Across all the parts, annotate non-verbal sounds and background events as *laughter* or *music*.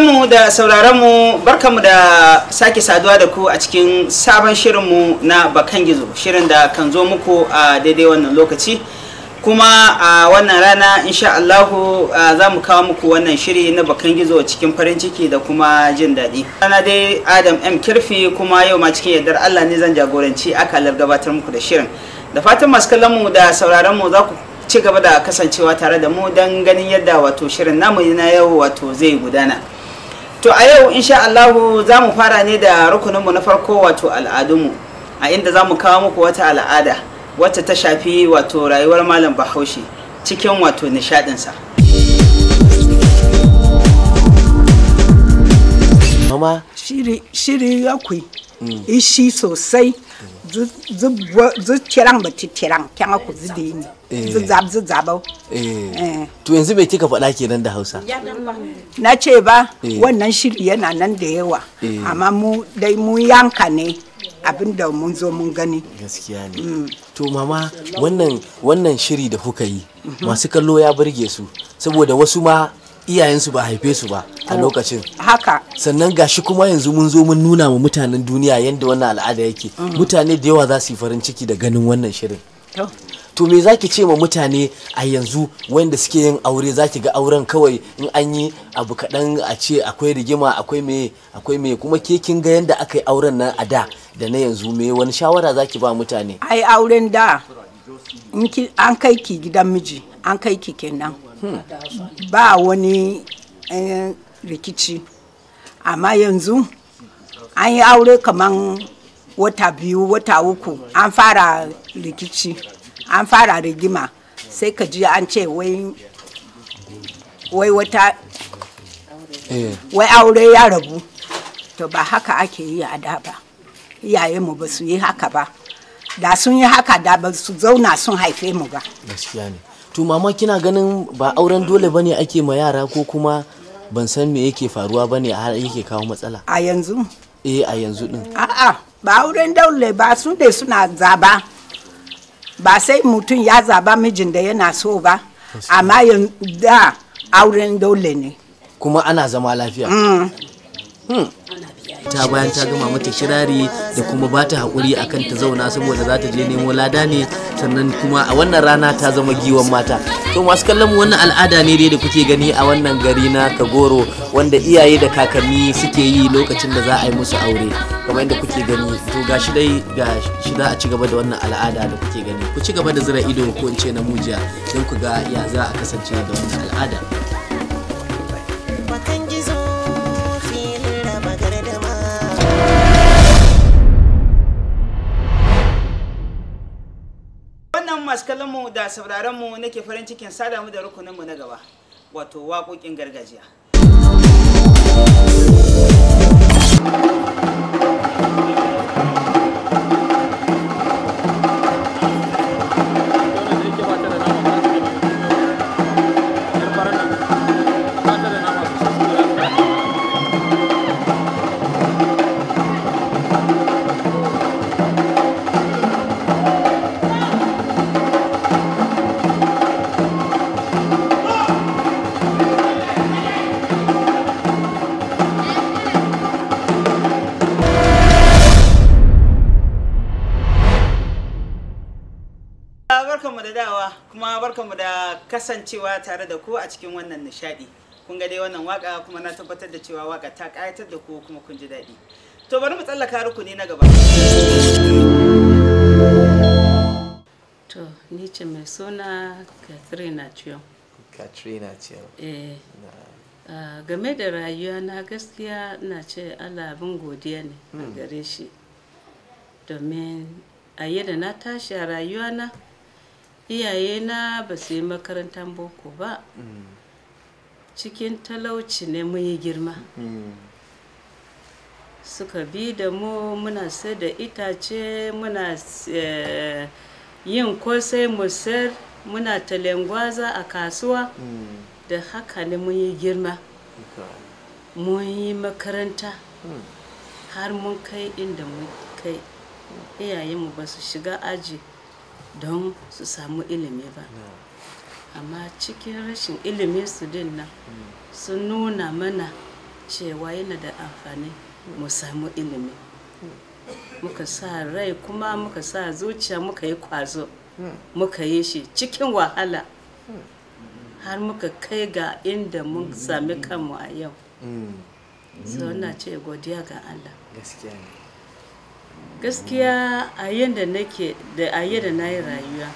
mu da sauraronmu mu da sake saduwa da ku a cikin sabon shirinmu na bakan gizo shirin da kan zo muku a daidai wannan lokaci kuma a wannan rana insha Allahu za mu kawo muku wannan shiri na bakan gizo cikin farin ciki da kuma jin daɗi rana dai adam m kirfi kuma yau ma cikin yardar allah ne zan jagoranci akalar gabatar muku da shirin da fatan masu kallonmu da sauraronmu za ku ci gaba da kasancewa tare da mu don ganin yadda wato shirin namu na yau wato zai gudana. to a yau insha Allahu za mu fara ne da rukuninmu na farko wato al'adunmu a inda za mu kawo muku wata al'ada wacce ta shafi wato rayuwar malam bahaushe cikin wato nishaɗinsa. mama shiri shiri akwai ishi sosai zu tiran ba tiran kyan ku zu da eh. zu zab zabau eh. eh. to yanzu bai kika faɗa kenan da Hausa na ce ba wannan shiri yana nan da yawa amma mu dai mu yanka ne abin da mun zo mun gani gaskiya ne mm. to mama wannan wannan shiri da kuka yi masu kallo ya burge su saboda wasu ma iyayensu ba haife su ba a oh, lokacin haka sannan gashi kuma yanzu mun zo mun nuna ma mutanen duniya yadda wannan al'ada yake mm. mutane da yawa za su yi farin ciki da ganin wannan shirin to me za ki ce ma mutane a yanzu wanda suke yin aure za ki ga auren kawai in an yi abu kaɗan a ce akwai rigima akwai me akwai me kuma ke kin ga yadda aka yi auren nan a da da na yanzu me wani shawara za ki ba mutane ai auren da an kai ki gidan miji an kai ki kenan ba wani rikici amma yanzu an yi aure kaman wata biyu wata uku an fara rikici an fara rigima sai ka ji an ce wai wata eh. wai aure ya rabu to ba haka ake yi a da ba iyayenmu ba su yi haka ba da sun yi haka da ba su zauna sun haife mu ba gaskiya ne to mama kina ganin ba auren dole bane ake ma yara ko kuma ban san me yake faruwa bane har yake kawo matsala a yanzu eh a yanzu din a'a ba auren dole ba su dai suna zaba ba sai mutum ya zaba mijin da yana so ba amma da auren dole ne kuma ana zama lafiya mm. hmm. ta bayan ta gama mata kirari da kuma ba ta haƙuri a kan ta zauna saboda za ta je nemo lada ne sannan kuma a wannan rana ta zama giwan mata to masu kallon wannan al'ada ne dai da kuke gani a wannan gari na kagoro wanda iyaye da kakanni suke yi lokacin da za a yi musu aure kamar yadda kuke gani to ga shi dai ga shi za a ci gaba da wannan al'ada da kuke gani ku ci gaba da zira ido ko in ce na mujiya don ku ga ya za a kasance da wannan al'ada masu kallon da sauraron mu nake farin cikin sada mu da rukunin mu na gaba wato waƙoƙin gargajiya kuma barkanmu da kasancewa tare da ku a cikin wannan nishadi kun ga dai wannan waka kuma na tabbatar da cewa waka ta kayatar da ku kuma kun ji daɗi to bari mu tsallaka rukuni na gaba to ni ce mai suna katrina ciyo katrina ciyo eh game da rayuwa na gaskiya na ce allah abin godiya ne a hmm. gare shi domin a yadda na tashi a rayuwa na iyaye na ba su yi makarantar boko ba cikin talauci ne mun yi girma suka bi da mu muna sai da itace muna eh, yin kosai musayar muna talengwaza a kasuwa da haka ne mun yi girma mun yi makaranta har mun kai inda mun kai iyayenmu ba su shiga aji don su samu ilimi ba amma cikin rashin ilimin su din nan sun nuna mana cewa yana da amfani mu samu ilimi muka sa rai kuma muka sa zuciya muka yi kwazo muka yi shi cikin wahala har muka kai ga inda mun sami kanmu a yau so na ce godiya ga Allah gaskiya ne gaskiya a yadda nake da a yadda na yi rayuwa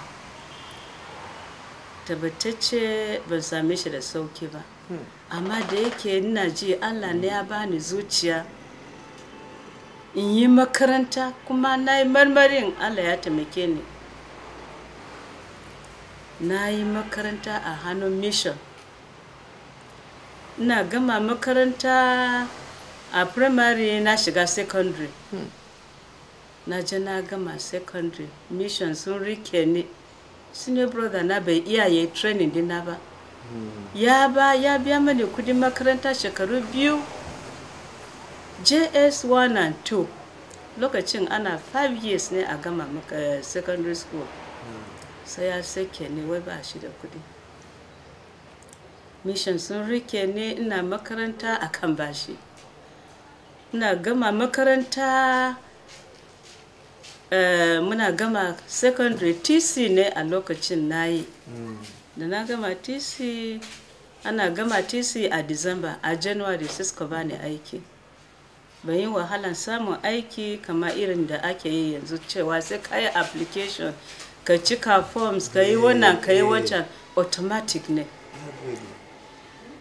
tabbatacce ban same shi da sauki ba hmm. amma da yake ina ji allah ne ya bani zuciya in yi makaranta kuma na yi marmarin allah ya taimake ni na yi makaranta a hannun mission ina gama makaranta a primary na shiga secondary hmm. na je na gama secondary mission sun rike ni senior brother na bai iya yi training dina ba ya ba ya biya mani kudin makaranta shekaru biyu js 1 and 2 lokacin ana 5 years ne a gama eh, secondary school sai ya sake ne wai ba shi da kudi mission sun rike ne ina makaranta akan bashi ina gama makaranta Eh, muna gama secondary tc ne a lokacin nayi da na gama tc ana gama tc a december a january cisco ba ni aiki ban yi wahalan samun aiki kama irin da ake yi yanzu cewa sai ka yi application ka cika forms ka yi wannan ka yi eh, eh. wancan automatic ne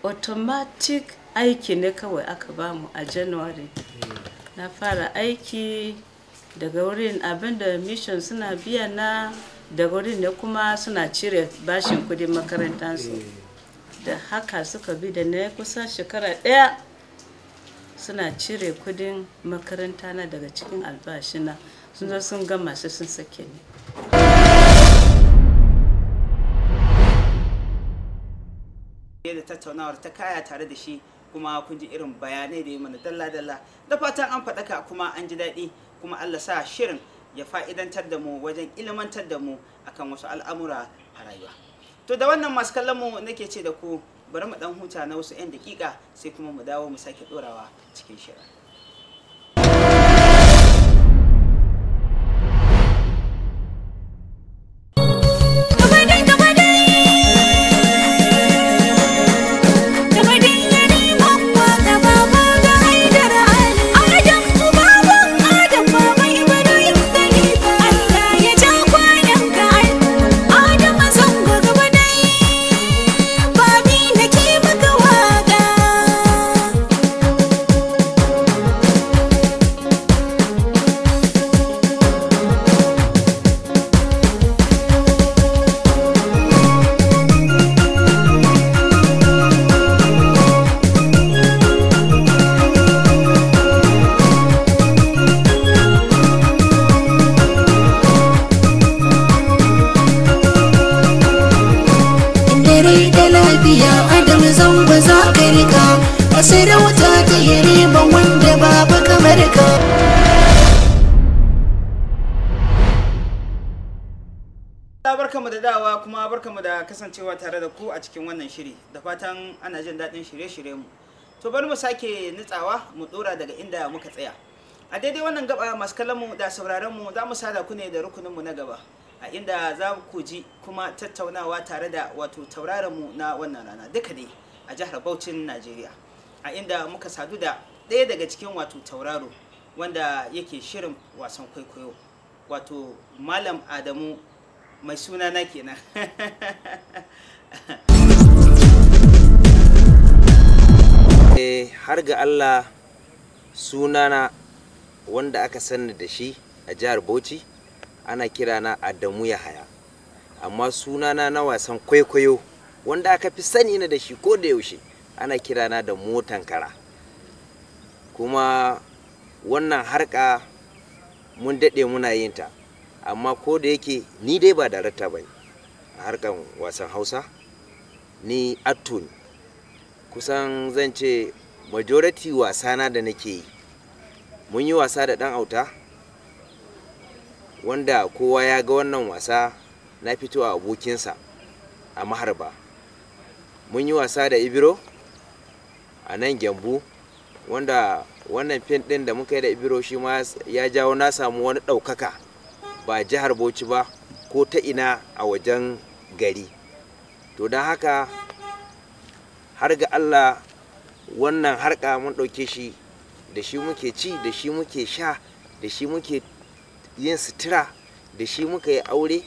automatic aiki ne kawai aka bamu a january na fara aiki daga wurin abinda mission suna biya na daga wurin ne kuma suna cire bashin kudin makarantansu da haka suka bi da na kusa shekara ɗaya suna cire kudin makaranta na daga cikin albashina sun zo sun gama shi sun sake ni da tattaunawar ta kaya tare da shi kuma kun ji irin bayanai da yi mana dalla-dalla da fatan an faɗaka kuma an ji daɗi kuma Allah sa shirin ya fa'idantar da mu wajen ilmantar da mu akan wasu al'amura a rayuwa to da wannan masu kallon mu nake ce da ku bari mu dan huta na wasu 'yan daƙiƙa, sai kuma mu dawo mu sake dorawa cikin shirin da dawa kuma barkamu da kasancewa tare da ku a cikin wannan shiri da fatan ana jin daɗin shirye-shirye mu to bari mu sake nutsawa mu dora daga inda muka tsaya a daidai wannan gaba masu kallon mu da sauraron mu za mu sada ku ne da rukunin mu na gaba a inda za ku ji kuma tattaunawa tare da wato tauraron mu na wannan rana duka ne a jihar Bauchin Najeriya a inda muka sadu da ɗaya daga cikin wato tauraro wanda yake shirin wasan kwaikwayo wato malam Adamu mai suna na kenan *laughs* eh, har ga Allah sunana wanda aka sani da shi a jihar Bauchi ana kirana Adamu Yahaya amma sunana na wasan kwaikwayo wanda aka fi sani na da shi ko da yaushe ana kirana da motan kara kuma wannan harka mun daɗe muna yin ta amma ko da yake ni dai ba darakta ba a harkar wasan hausa ni atto kusan zan ce majority wasana da nake yi mun yi wasa da dan auta wanda kowa ya ga wannan wasa na fito a abokinsa a maharba mun yi wasa da ibiro a nan gyambu wanda wannan fim ɗin da muka yi da ibiro shi ma ya jawo na samu wani ɗaukaka ba jihar bauchi ba ko ta ina a wajen gari to don haka har ga allah wannan harka mun ɗauke shi da shi muke ci da shi muke sha da shi muke yin sutura da shi muka yi aure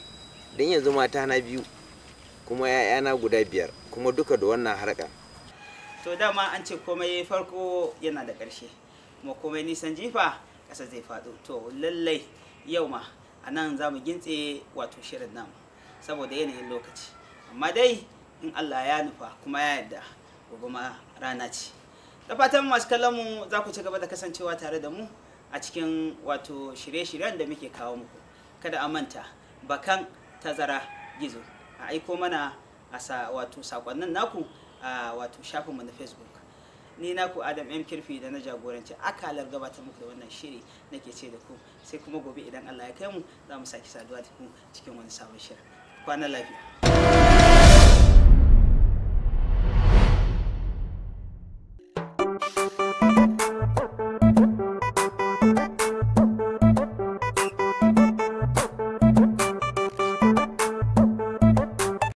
don yanzu mata na biyu kuma ‘ya'yana guda biyar kuma duka da wannan harka to dama an ce komai farko yana da ƙarshe kuma komai nisan jifa ƙasa zai faɗo to lallai yau ma a nan za mu gintse wato shirin nan saboda yanayin lokaci amma dai in allah ya nufa kuma ya yarda gobe ma rana ce da fatan masu kallon mu za ku ci gaba da kasancewa tare da mu a cikin wato shirye-shiryen da muke kawo muku kada a manta bakan tazara gizo a aiko mana a wato sakonnin naku a wato shafinmu na facebook ni na ku adam m kirfi da na jagoranci akalar gabatar muku da wannan shiri nake ce da ku sai kuma gobe idan allah ya kai mu za mu saki saduwa da ku cikin wani sabon shirin kwanan lafiya